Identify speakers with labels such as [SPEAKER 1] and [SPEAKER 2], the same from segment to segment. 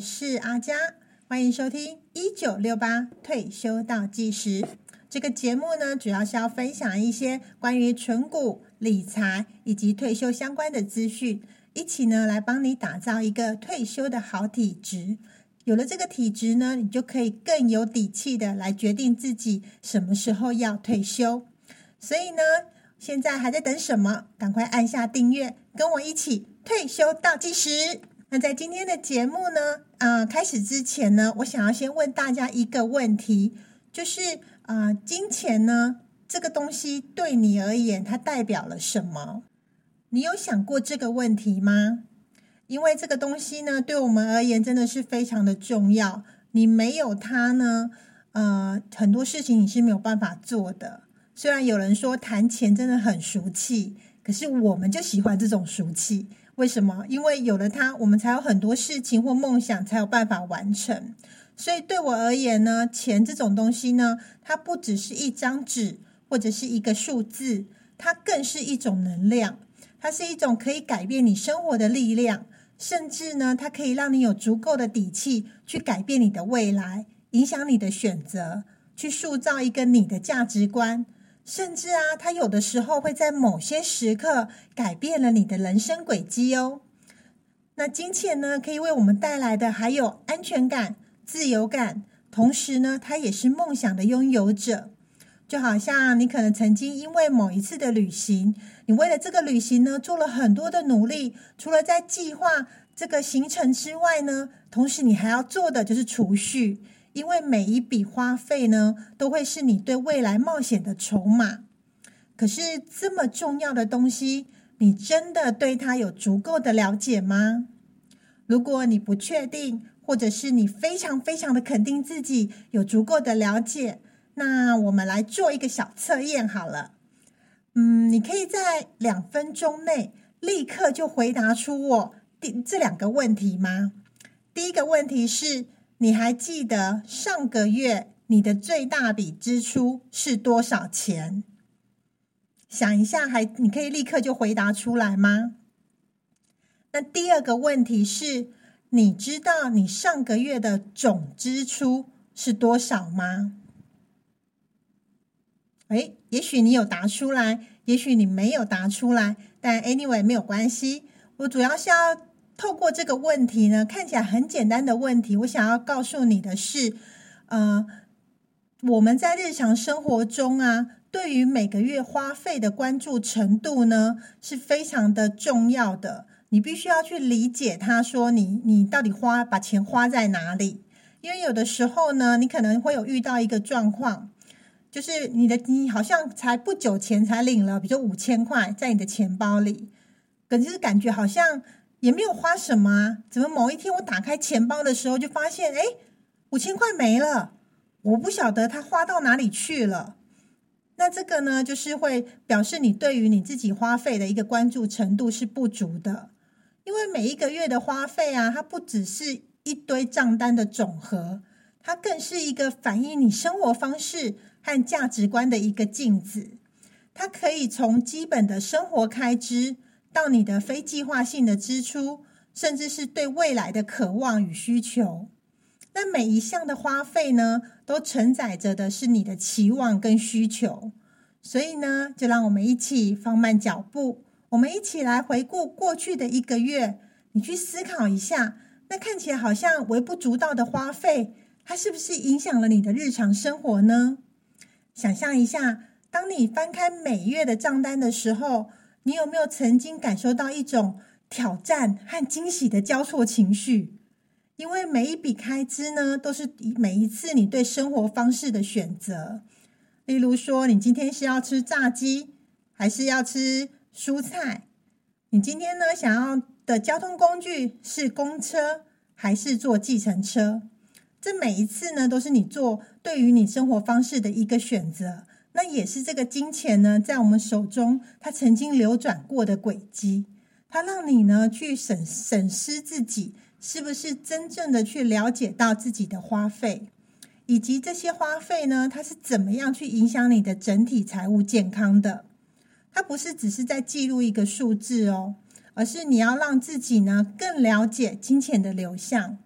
[SPEAKER 1] 是阿佳，歡迎收聽一九六八退休倒計時。這個節目呢，主要是要分享一些關於存股、理財以及退休相關的資訊，一起呢來幫你打造一個退休的好體質。有了這個體質呢，你就可以更有底氣的來決定自己什麼時候要退休。所以呢，現在還在等什麼？趕快按下訂閱，跟我一起退休倒計時。那在今天的節目呢，啊、呃，開始之前呢，我想要先問大家一個問題，就是啊、呃，金錢呢這個東西對你而言，它代表了什麼？你有想過這個問題嗎？因為這個東西呢，對我們而言真的是非常的重要。你沒有它呢，呃，很多事情你是沒有辦法做的。雖然有人說談錢真的很俗氣，可是我們就喜歡這種俗氣。為什麼？因為有了它，我們才有很多事情或夢想才有辦法完成。所以對我而言呢，錢這種東西呢，它不只是一張紙，或者是一個數字，它更是一種能量。它是一種可以改變你生活的力量，甚至呢，它可以讓你有足夠的底氣去改變你的未來，影響你的選擇，去塑造一個你的價值觀。甚至啊，它有的時候會在某些時刻改變了你的人生軌跡哦。那金錢呢，可以為我們帶來的還有安全感、自由感，同時呢，它也是夢想的擁有者。就好像啊，你可能曾經因為某一次的旅行，你為了這個旅行呢，做了很多的努力，除了在計劃這個行程之外呢，同時你還要做的就是儲蓄。因為每一筆花費呢，都會是你對未來冒險的籌碼。可是這麼重要的東西，你真的對它有足夠的了解嗎？如果你不確定，或者是你非常非常的肯定自己有足夠的了解，那我們來做一個小測驗好了。嗯，你可以在兩分鐘內立刻就回答出我第這兩個問題嗎？第一個問題是，你還記得上個月你的最大筆支出是多少錢？想一下還，還你可以立刻就回答出來嗎？那第二個問題是，你知道你上個月的總支出是多少嗎？哎、欸，也許你有答出來，也許你沒有答出來，但 anyway 沒有關係，我主要是要。透過這個問題呢，看起來很簡單的問題，我想要告訴你的是，呃，我們在日常生活中啊，對於每個月花費的關注程度呢，是非常的重要的。的你必須要去理解，他說你你到底花把錢花在哪裡，因為有的時候呢，你可能會有遇到一個狀況，就是你的你好像才不久前才領了，比如說五千塊在你的錢包裡，可能就是感覺好像。也沒有花什麼啊，怎麼某一天我打開錢包的時候就發現，哎，五千塊沒了，我不曉得它花到哪裡去了。那這個呢，就是會表示你對於你自己花費的一個關注程度是不足的，因為每一個月的花費啊，它不只是一堆賬單的總和，它更是一個反映你生活方式和價值觀的一個鏡子。它可以從基本的生活開支。到你的非計劃性的支出，甚至是對未來的渴望與需求。那每一項的花費呢，都承載着的是你的期望跟需求。所以呢，就讓我們一起放慢腳步，我們一起來回顧過去的一個月。你去思考一下，那看起來好像微不足道的花費，它是不是影響了你的日常生活呢？想象一下，當你翻開每月的賬單的時候。你有沒有曾經感受到一種挑戰和驚喜的交錯情緒？因為每一筆開支呢，都是每一次你對生活方式的選擇。例如說，你今天是要吃炸雞還是要吃蔬菜？你今天呢，想要的交通工具是公車還是坐計程車？這每一次呢，都是你做對於你生活方式的一個選擇。那也是這個金錢呢，在我們手中，它曾經流轉過的軌跡，它讓你呢去審審視自己是不是真正的去了解到自己的花費，以及這些花費呢，它是怎麼樣去影響你的整體財務健康的？它不是只是在記錄一個數字哦，而是你要讓自己呢更了解金錢的流向，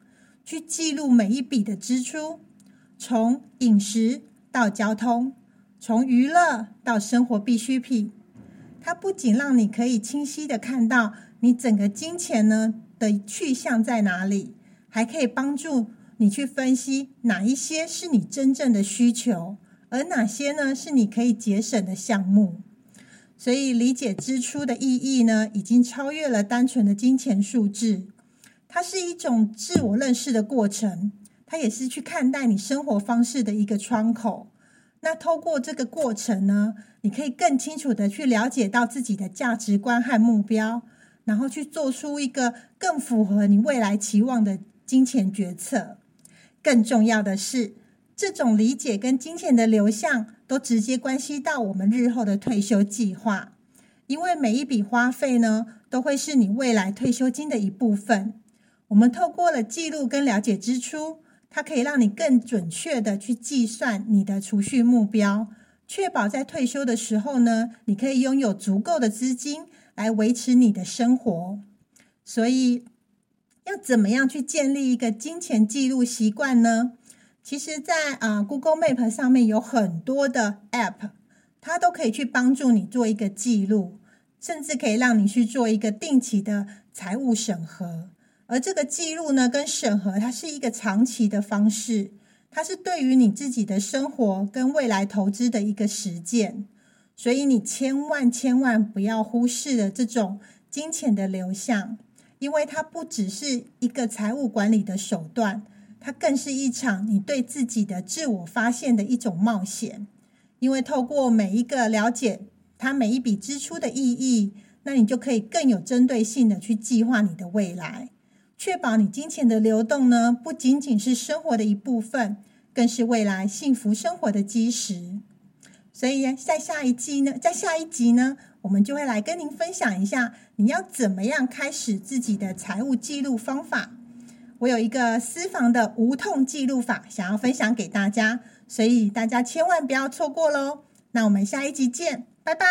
[SPEAKER 1] 去記錄每一筆的支出，從飲食到交通。從娛樂到生活必需品，它不僅讓你可以清晰的看到你整個金錢呢的去向在哪裡，還可以幫助你去分析哪一些是你真正的需求，而哪些呢是你可以節省的項目。所以，理解支出的意義呢，已經超越了單純的金錢數字，它是一種自我認識的過程，它也是去看待你生活方式的一個窗口。那透過這個過程呢，你可以更清楚的去了解到自己的價值觀和目標，然後去做出一個更符合你未來期望的金錢決策。更重要的是，這種理解跟金錢的流向都直接關係到我們日後的退休計劃，因為每一筆花費呢，都會是你未來退休金的一部分。我們透過了記錄跟了解支出，它可以讓你更準確的去計算你的儲蓄目標，確保在退休的時候呢，你可以擁有足夠的資金來維持你的生活。所以，要怎麼樣去建立一個金錢記錄習慣呢？其實在，在、呃、啊 Google Map 上面有很多的 App，它都可以去幫助你做一個記錄，甚至可以讓你去做一個定期的財務審核。而這個記錄呢，跟審核，它是一個長期的方式，它是對於你自己的生活跟未來投資的一個實踐，所以你千萬千萬不要忽視了這種金錢的流向，因為它不只是一個財務管理的手段，它更是一場你對自己的自我發現的一種冒險，因為透過每一個了解它每一筆支出的意義，那你就可以更有針對性的去計劃你的未來。確保你金錢的流動呢，不僅僅是生活的一部分，更是未來幸福生活的基石。所以在下一季呢，在下一集呢，我們就會來跟您分享一下，你要怎麼樣開始自己的財務記錄方法。我有一個私房的無痛記錄法，想要分享給大家，所以大家千萬不要錯過嘍。那我們下一集見，拜拜。